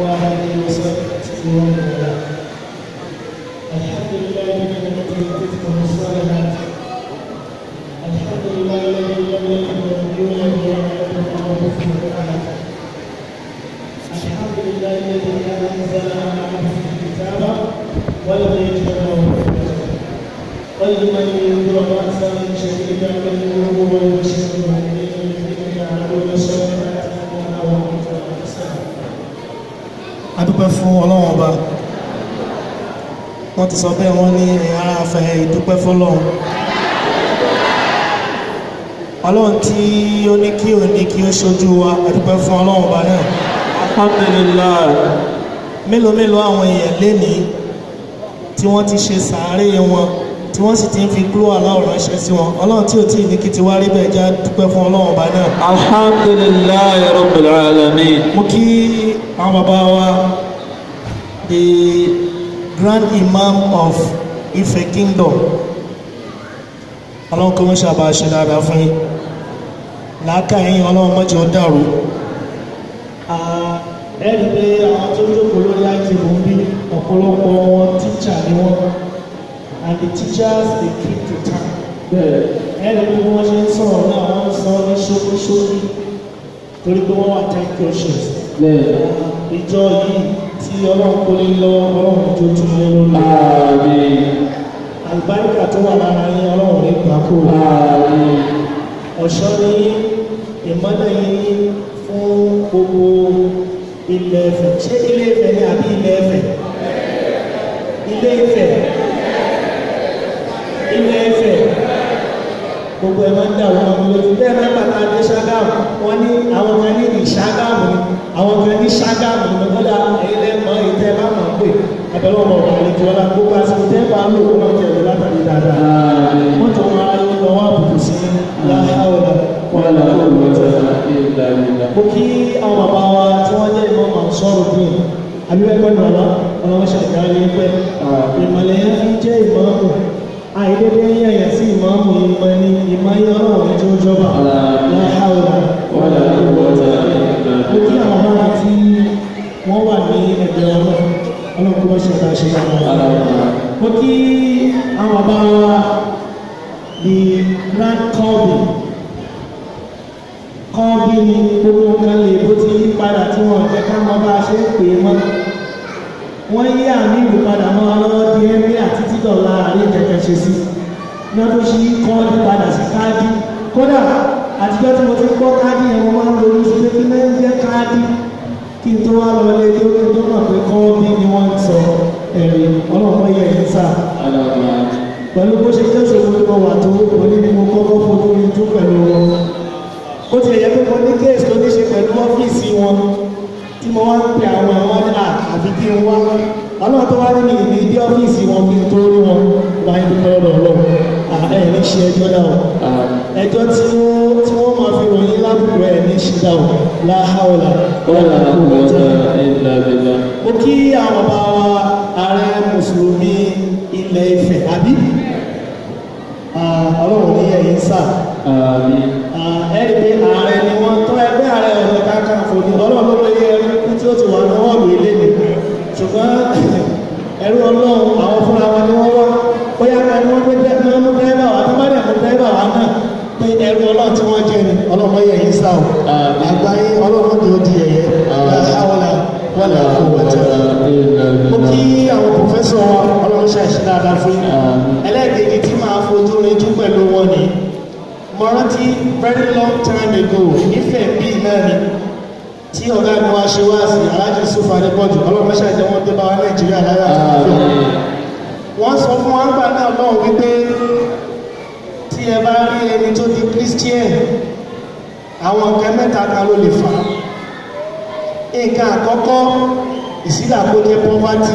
وعلى وصحبه ومن الحمد لله بنعمته تتم الصالحات الحمد لله الذي لم يكن له يولد ولم يكن له كفوا احد الحمد لله الذي انزل على عبده الكتاب ولم يجعل له قلبا ينذر باسا شديدا من وهو يبشر المؤمنين dúpẹ́ fún ọlọ́run ọba wọ́n ti sọ bẹ́ẹ̀ wọ́n ní ẹ̀yà afẹ́ ìdúpẹ́ fọlọ́run ọlọ́run tí ó ní kí ó ní kí ó ṣojú wa ẹ̀dúpẹ́ fún ọlọ́run ọba náà. alhamdulillah. mélòó mélòó àwọn èèyàn lénìí tí wọ́n ti ṣe sàárè wọn tí wọ́n sì ti ń fi kúrò aláwọ̀ ránṣẹ́ sí wọn ọlọ́run tí ò tí ì ní kí ti wá rí bẹ́ẹ̀ já dúpẹ́ fún ọlọ́run ọba náà. alhamdulillah rabbil alamin. mo kí àwọn bàbá wa the Grand Imam of Ife Kingdom ọlọ́run kí wọ́n ṣàbà ṣe dáadáa fún yín làákàyìn ọlọ́run mọ́jọ dàrú ẹ̀rí pé àwọn tó jókòó lórí àìsàn ń bí ọ̀pọ̀lọpọ̀ wọn tíṣà ni wọ́n and the teachers dey keep the time ẹ̀rí pé wọ́n ṣe ń sọ̀rọ̀ náà wọ́n ń sọ ní ṣókíṣókí torí pé wọ́n wà time conscious ìjọ yìí tí ọlọ́run kó lé lọ́wọ́ ọlọ́run tó tún lé lórí. Àmín. Àlùbáríkà tó wà lára yín ọlọ́run ní gbàkó. Àmín. Ọ̀ṣọ́ ní ìmọ́lẹ̀ yín fún gbogbo ilẹ̀ Ifẹ̀. Ṣé ilé Ifẹ̀ ni àbí ilẹ̀ Ifẹ̀? Ilé Ifẹ̀. gbogbo ẹ̀ máa ń dà wọ́n ọmọ lójú bẹ́ẹ̀ náà bàtà dé ṣágáàmù wọ́n ní àwọn kan ní ìṣágáàmù ni àwọn kan ní ṣágáàmù ni wọ́n dá ẹ̀yẹ́lẹ́ mọ́ ìtẹ́ bá mọ̀ pé abẹ́rẹ́ ọmọ ọ̀gá àlejò ọlá gbogbo àti tẹ́ bá lò ó máa jẹ̀rọ látàrí dáadáa wọ́n tó máa ń lọ wá bùkù sí láhàwọ̀lá wọn làwọn olùwọ́tẹ̀ mo kí àwọn bàbá wa tí wọ́n jẹ́ ìmọ̀ màá sọ̀rọ̀ bí àbí bẹ́ẹ̀ pẹ́ àìdédé ń yẹ̀yẹ̀ sí ìmáàmù ìmọ̀ ni ìmọ̀ yẹ ọlọ́run tí ó jọba láhàwọ̀ wọ́n àwọn ará tí wọ́n wà ní ẹgbẹ́ ọlọ́run ọlọ́run kó ṣe ṣe àwọn ó kí àwọn bá wa di grand kọ́ọ̀bì kọ́ọ̀bì ni gbogbo nǹkan lè bó ti yí padà tí wọ́n jẹ́ ká bá ṣe ń pè é mọ́ wọ́n yí àmì ìlú padà mọ́ ṣe sí ní ọdún sí kọ́ọ̀dù padà sí káàdì kódà àtijọ́ tí mo ti kọ́ káàdì yẹn mo máa ń ronú sí pé kí náà ń jẹ́ káàdì kí n tó wá lọ ilé tó tó mọ̀ pé ọlọ́run ní ẹ̀yìn sà. ẹni pé ààrẹ ni wọ́n tọ́ ẹgbẹ́ ààrẹ ọ̀nà kakanfò ni ọlọ́run ló lóye ẹrú tí ó ti wà ní wọ́ọ̀lù ilé mi ṣùgbọ́n ẹrú ọlọ́run àwọn fúnra wọn ni wọ́n wá bóyá ká ni wọ́n gbé mú dẹ́rẹ́bà wá tó má dẹ̀ mú dẹ́rẹ́bà wá náà pé ẹrú ọlọ́run tí wọ́n jẹ ni ọlọ́run yẹ ẹ̀yìn sà o àgbáyé ọlọ́run tó di ẹ̀yẹ wọ́n làwọn wọ̀ mo kí àwọn pòfẹ́sọ̀ ọlọ́run ṣàṣì dáadáa fún ẹlẹ́ẹ̀kejì tí màá fojú rinjú pẹ̀lú wọn ni mo rántí very long time ago ìfẹ́ bí náà ni tí ọ̀gá mi wá ṣe wá sí aláàjì sùfà adébọ̀jù ọlọ́run ṣàṣì wọn dé bá wa nàìjíríà láyà àtúntò wọ́n sọ fún wa gbà náà lọ́wọ́ wípé tí ẹ bá rí ẹni tó di christian àwọn nǹkan mẹ́ta kan ló lè fà á nǹkan àkọ́kọ́ ìsílà kó jẹ́ pọ́fátì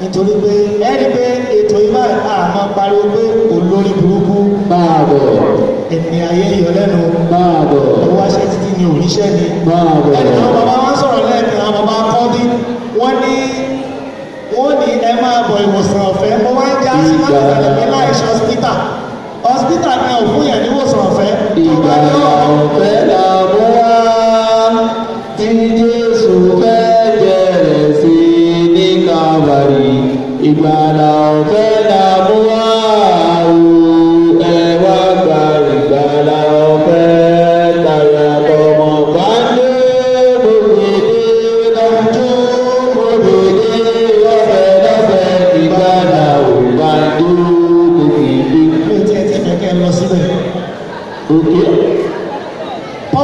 nítorí pé ẹni pé ètò ìmọ̀ àmọ́ pariwo pé olórí burúkú báàbọ̀ ẹni ayé ìyọlẹ́nu báàbọ̀ owó aṣẹ́ títí ni òníṣẹ́ ni báàbọ̀ ẹni àwọn bàbá wọn sọ̀rọ̀ lẹ́ẹ̀kan àwọn bàbá kọ́dí wọ́n ní wọ́n ní ẹ máa bọ̀ ìwòsàn ọ̀fẹ́ wọ́n máa ń já sí máa ń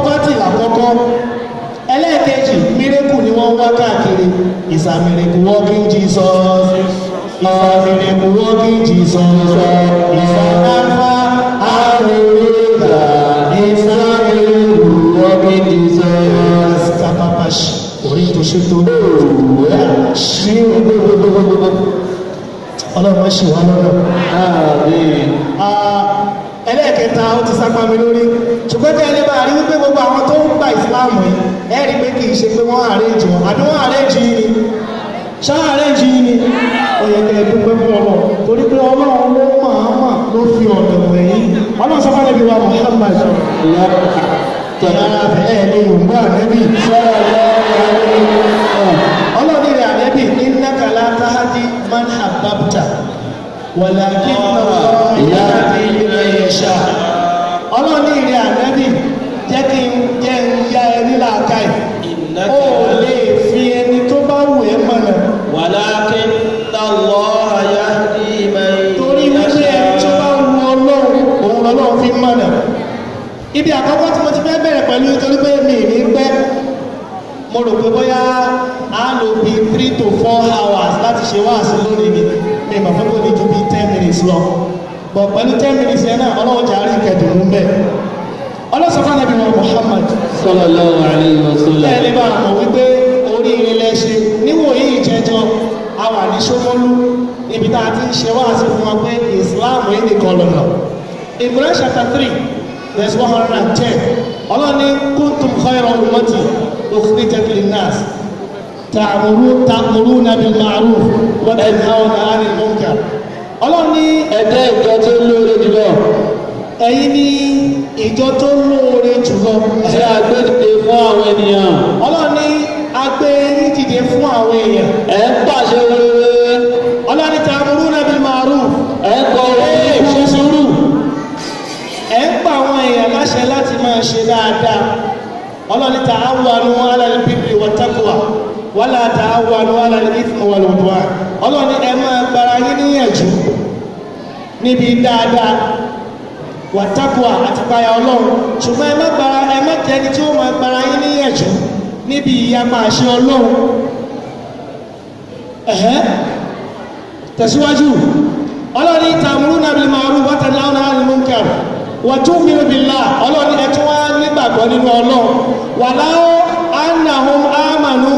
pátì làkọ́kọ́ ẹlẹ́ẹ̀kejì mírèkù ni wọ́n wá káàkiri is a miracle working Jesus is a miracle working Jesus is a alpha and omega is a miracle working Jesus kàpàpàṣì orí tó ṣe tó ṣí gbogbogbogbogbò ọlọ́run ṣì wá lọ́rọ̀ ẹlẹ́ẹ̀kẹta ó ti sápá mi lórí ṣùgbọ́n kí ẹni bá rí wípé gbogbo àwọn tó ń gba ìsìláàmù yìí ẹ rí pé kì í ṣe pé wọ́n àrẹ́jì wọn àbí wọ́n àrẹ́jì yìí ni ṣá àrẹ́jì yìí ni ó yẹ kẹ́ ẹ dúpẹ́ fún ọmọ torí pé ọlọ́run ló máa mà ló fi ọ̀dọ̀ wẹ̀yìn ọlọ́run sọ fún ẹbí wa Muhammad ọlọ́run rẹ̀ ànẹ́bì innaka yẹ̀ṣà ọlọ́run ní ìrìn ànábì jẹ́ kí n jẹ́ ń ya ẹni láàka ẹ̀ ó lè fi ẹni tó bá wù ẹ́ mọ̀nà. wàlá kí n ta lọ àyà ní ìmọ̀ ìyẹn. torí wípé ẹni tó bá wù ọlọ́run òun lọ́lọ́run fi mọ̀nà. ibi àkọ́kọ́ tí mo ti fẹ́ bẹ̀rẹ̀ pẹ̀lú nítorí pé mi ní pẹ́ mo rò pé bóyá a lò bí three to four hours láti ṣe wáàsí lónìí mi mi mọ̀ fún kò ní ju bí ten minutes lọ bọ̀ pẹ̀lú ten minutes yẹn náà ọlọ́wọ́ jà rí kẹ̀dùn mú bẹ́ẹ̀ ọlọ́sọ̀fà nàbí wọn Muhammad sallallahu alaihi wasallam ẹni bá mọ̀ wípé orí ilẹ̀ ṣe níwò yìí ìjẹjọ a wà ní Ṣómólú ibi tá a ti ń ṣe wá sí fún wa pé Islam yìí nìkan lọ́nà Ibrahim chapter three verse one ọlọ́ni kuntum khayra ummati ukhrijat linnas ta'muruna bil ma'ruf wa tanhawna 'anil munkar ọlọ́run ní ẹ̀dá ìjọ tó lóore jùlọ ẹ̀yin ní ìjọ tó lóore jùlọ tí a gbé dìde fún àwọn ènìyàn ọlọ́run ní a gbé yín dìde fún àwọn èèyàn ẹ̀ ń pàṣẹ rere ọlọ́run ní ta'muruna bil ma'ruf ẹ̀ ń kọ orí ìṣe sùúrù ẹ̀ ń pa àwọn èèyàn láṣẹ láti máa ṣe dáadáa ọlọ́run ní ta'awanu 'ala al-birri wat-taqwa wala ta'awanu 'ala al-ithmi wal-'udwan níyànjú níbi dáadáa wàtàkùà àti payà ọlọ́run ṣùgbọ́n ẹ má gbára ẹ má jẹ́ ẹni tí ó máa gbára yín níyànjú níbi ìyapa àṣẹ ọlọ́run ẹ̀hẹ́ tẹ̀síwájú ọlọ́run ta'muruna bil ma'ruf wa tanhawna 'anil munkar wa tu'minu billah ọlọ́run ẹ tún wá nígbàgbọ́ nínú ọlọ́run walau annahum amanu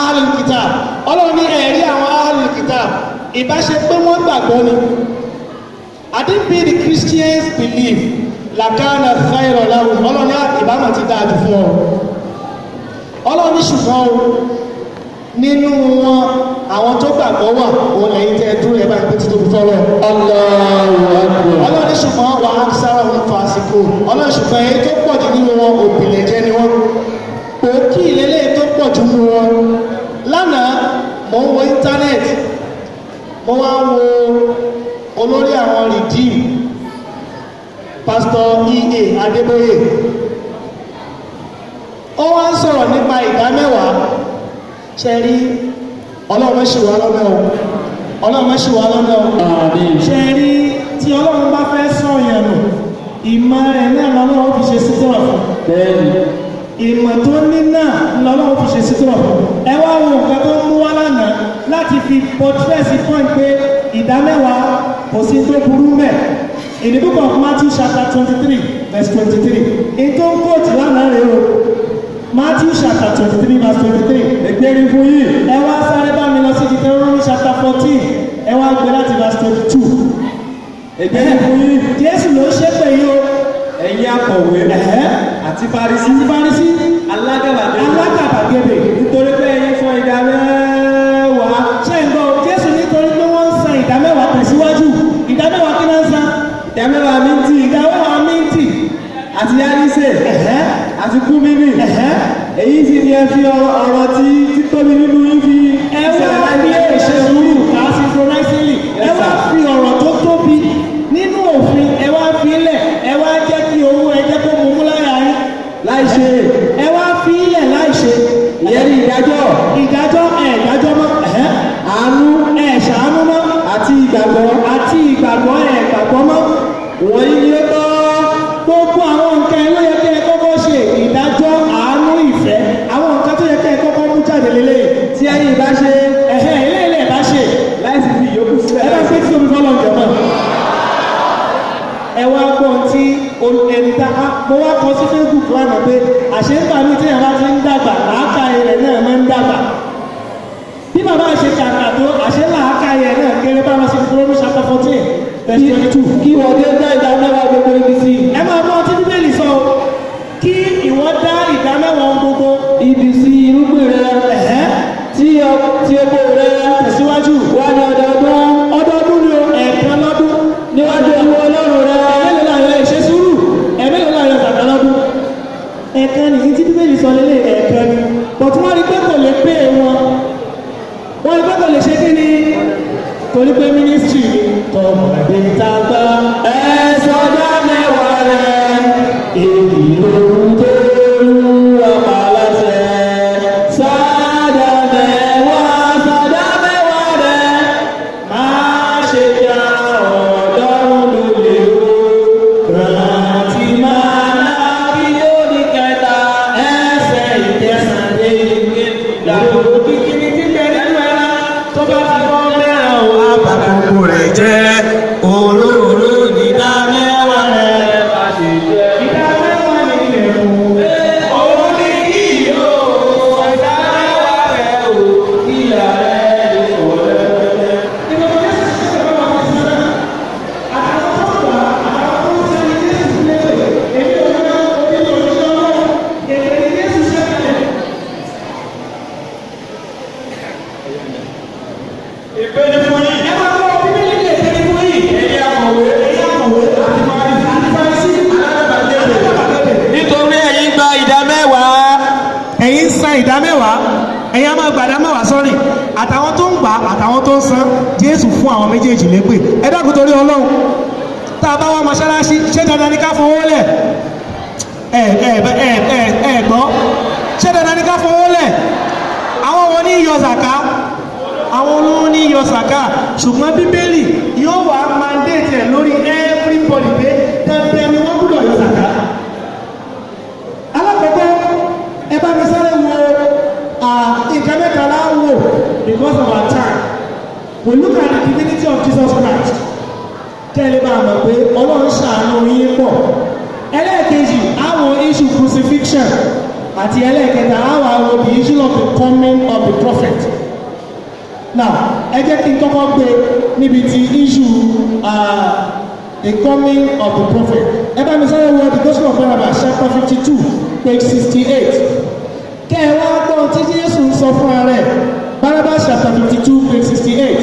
ahlul kitab ìbáṣe pé wọ́n gbàgbọ́ ni I think be the Christians believe làkàna fáyọrọ láwùjọ ọlọ́ni ìbámu ti dáa jù fún ọ ọlọ́ni ṣùgbọ́n o nínú wọn àwọn tó gbàgbọ́ wà òun lẹ́yìn tẹ́ dúró ẹ̀ bá ń pété tó fi fọ́lọ́ ọlọ́ni ṣùgbọ́n wàhálà sára wọn fàásìkò ọlọ́ni ṣùgbọ́n èyí tó pọ̀ jù nínú wọn òbí lẹ́jẹ́ ní. Adébóyè ó wá ń sọ̀rọ̀ nípa ìdá mẹ́wàá ṣe rí ọlọ́run ṣì wá lọ́nà o ọlọ́run ṣì wá lọ́nà o ṣe rí tí ọlọ́run bá fẹ́ sọ̀yàn nù ìmọ̀ rẹ̀ náà lọ́lọ́run fi ṣe sísọ̀rọ̀ fún ìmọ̀ tó ní náà lọ́lọ́run fi ṣe sísọ̀rọ̀ fún ẹ wá wo nǹkan tó ń mú wá lánàá láti fi portrait sí fún ẹ pé ìdá mẹ́wàá kò sí tó burú mẹ́ẹ̀ in the book of Matthew chapter twenty-three verse twenty-three ètò ń kóòtù lánàá rẹ o Matthew chapter twenty-three verse twenty-three ẹgbẹ́rin fún yìí ẹ wá sáré bá mi lọ sí Deuteronomy chapter fourteen ẹ wá gbé láti verse twenty-two ẹgbẹ́rin fún yìí Jésù ló ṣépè yìí o ẹ̀yin akọ̀wé àti Farisí àti Farisí. àti kú mímì èyí sì ni ẹ fi ọ̀rọ̀ tí títóbi nínú yín fi ẹ wá ní èṣe sùúrù ká synchronically ẹ wá fi ọ̀rọ̀ tó tóbi nínú òfin ẹ wá fi ẹ wá jẹ́ kí owó ẹ jẹ́ kó mumú lára yín. láìṣe ẹ wá fi láìṣe ìyẹn ní ìdájọ́ ìdájọ́ ẹ̀ ìdájọ́ mọ́ àánú ẹ̀ ṣàánú mọ́ àti ìgbàgbọ́ àti ìgbàgbọ́ ẹ̀ gbàgbọ́ mọ́ wọ̀nyí ni ó tọ́ gbogbo àwọn. jáde lélẹ̀ tí ayé ìbá ṣe ẹ̀hẹ́ ilé ilé ìbá ṣe láìsí fi ìyókù sílẹ̀. ẹ bá fẹ́ tí omi fọ́lọ́ jẹ̀ mọ́. ẹ wá gbọ́ tí ẹ̀ńtà mo wá kọ sí Facebook lánàá pé àṣẹ ń bà mí tí ìyàrá ti ń dàgbà làákà ilẹ̀ náà máa ń dàgbà. bí bàbá ṣe kàkà tó àṣẹ làákà ilẹ̀ náà kéré bá lọ sí Deuteronomy chapter fourteen verse twenty yọ zaka àwọn olówó ní yọ zaka ṣùgbọ́n bíbélì yóò wá mandate ẹ̀ lórí everybody pé tẹ̀tẹ̀ ni wọ́n gbúdọ̀ yọ zaka. alákọ̀ọ́kọ́ ẹ bá mi sáré wo nǹkan mẹ́ta láwò because of our time we look at the divinity of Jesus Christ tẹ́lẹ̀ bá a mọ̀ pé ọlọ́run ṣàánú yín pọ̀ ẹlẹ́ẹ̀kejì àwọn issue crucifixion àti ẹlẹ́ẹ̀kẹta àwọn àwọn the issue of the coming of the prophet now ẹ jẹ́ kí n kọ́kọ́ gbé níbi ti issue uh, the coming of the prophet ẹ bá mi sáré wọ the gospel of Barnabas chapter fifty two page sixty eight kẹ́ ẹ wá gbọ́n tí Jésù ń sọ fún ara ẹ̀ Barnabas chapter fifty two page sixty eight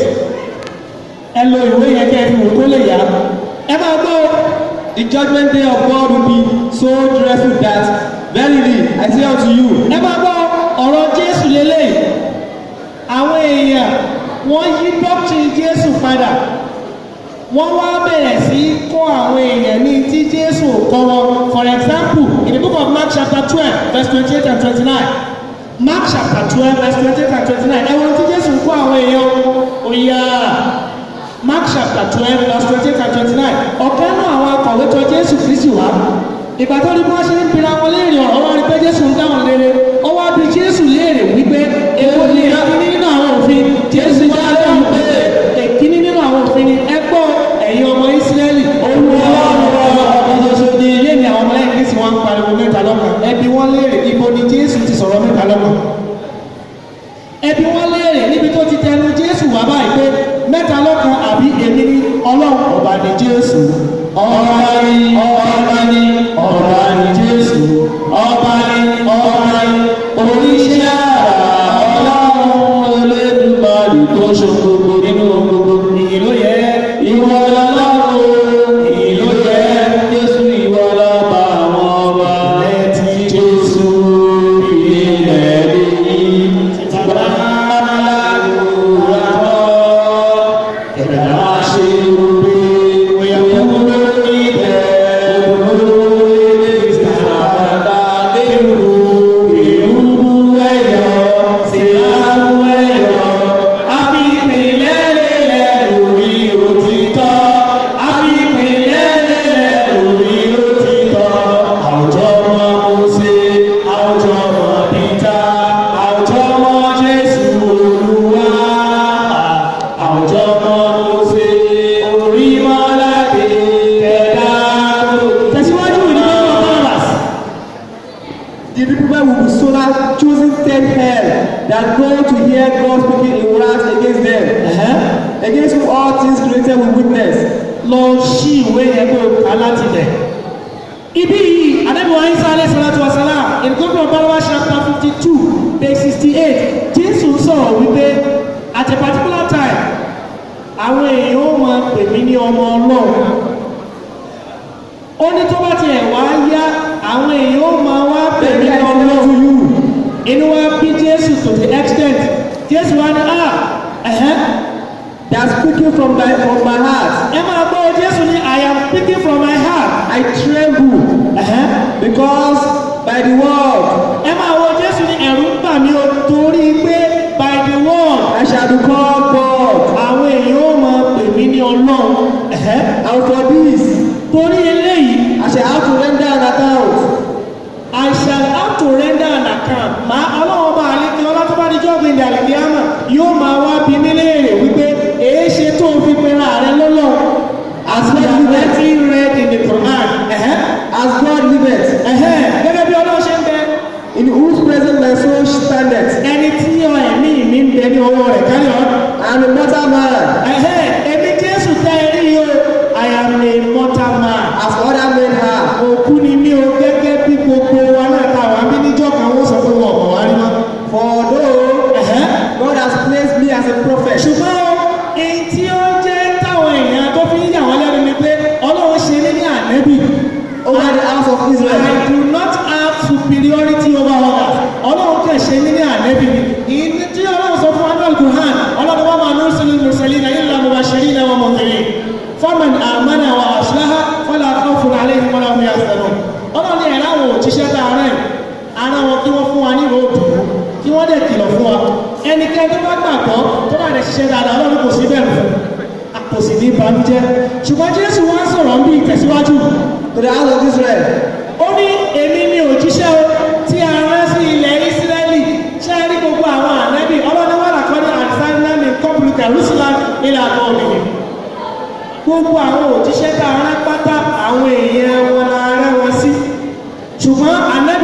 ẹ lo ìwé yẹn kẹ́ ẹ fi wò kó lè yá ẹ máa gbọ́ the judgment day of God will be so dreadful that verily I say unto you. ẹ máa gbọ́ ọ̀rọ̀ Jésù lélẹ́yìn àwọn èèyàn wọ́n yí doctrine Jésù padà wọ́n wá bẹ̀rẹ̀ sí kọ́ àwọn èèyàn ní tí Jésù kọ́ wọn for example in the book of Mark chapter twelve verse twenty-eight and twenty-nine Mark chapter twelve verse twenty-eight and twenty-nine ẹ wọ́n tí Jésù kọ́ àwọn èèyàn òyà Mark chapter twelve verse twenty-eight and twenty-nine ọ̀kan náà àwọn akọ̀wé tọ̀ Jésù Kristi wá ìgbà tó ní bí wọ́n ṣe ń pera wọn léèrè ọ̀rọ̀ wọn rí pé jésù ń dáhùn léèrè ó wá bí jésù léèrè wípé èwo ni ìyàwó nínú àwọn òfin jésù wá dáhùn pé èkíní nínú àwọn òfin ni ẹ gbọ́ ẹ̀yin ọmọ ìsírẹ́lì òun ẹbí wọn léèrè ibo ni jésù ti sọ̀rọ̀ mẹ́ta lọ́gbọ̀n ẹbí wọn léèrè níbi tó ti tẹnu jésù wá báyìí pé mẹ́ta lọ́kan àbí èmi ni ọlọ́run ọba ni jésù ọ̀rọ̀. that go to hear God speaking in words against them uh-huh. against whom all things created with witness lọ ṣí ìwé yẹn kó o kà láti lẹ̀. ibi yìí adébíwá isa alẹ́ sàlátù wasala in gómìnà balawa chapter fifty two page sixty eight jésù sọ̀rọ̀ wípé at a particular time àwọn èèyàn ó máa pè mí ní ọmọ ọlọ́run ó ní tó bá tiẹ̀ wá yá àwọn èèyàn ó máa wá pè mí ní ọmọ ọlọ́run inú wa bí jẹ́ to the extent just one hour, uh -huh, that's speaking from my from my heart ẹ máa Standards. ẹni tí ẹ̀mí mi ń bẹ ní ọwọ́ rẹ̀ carry on. and the matter man. ṣùgbọ́n àná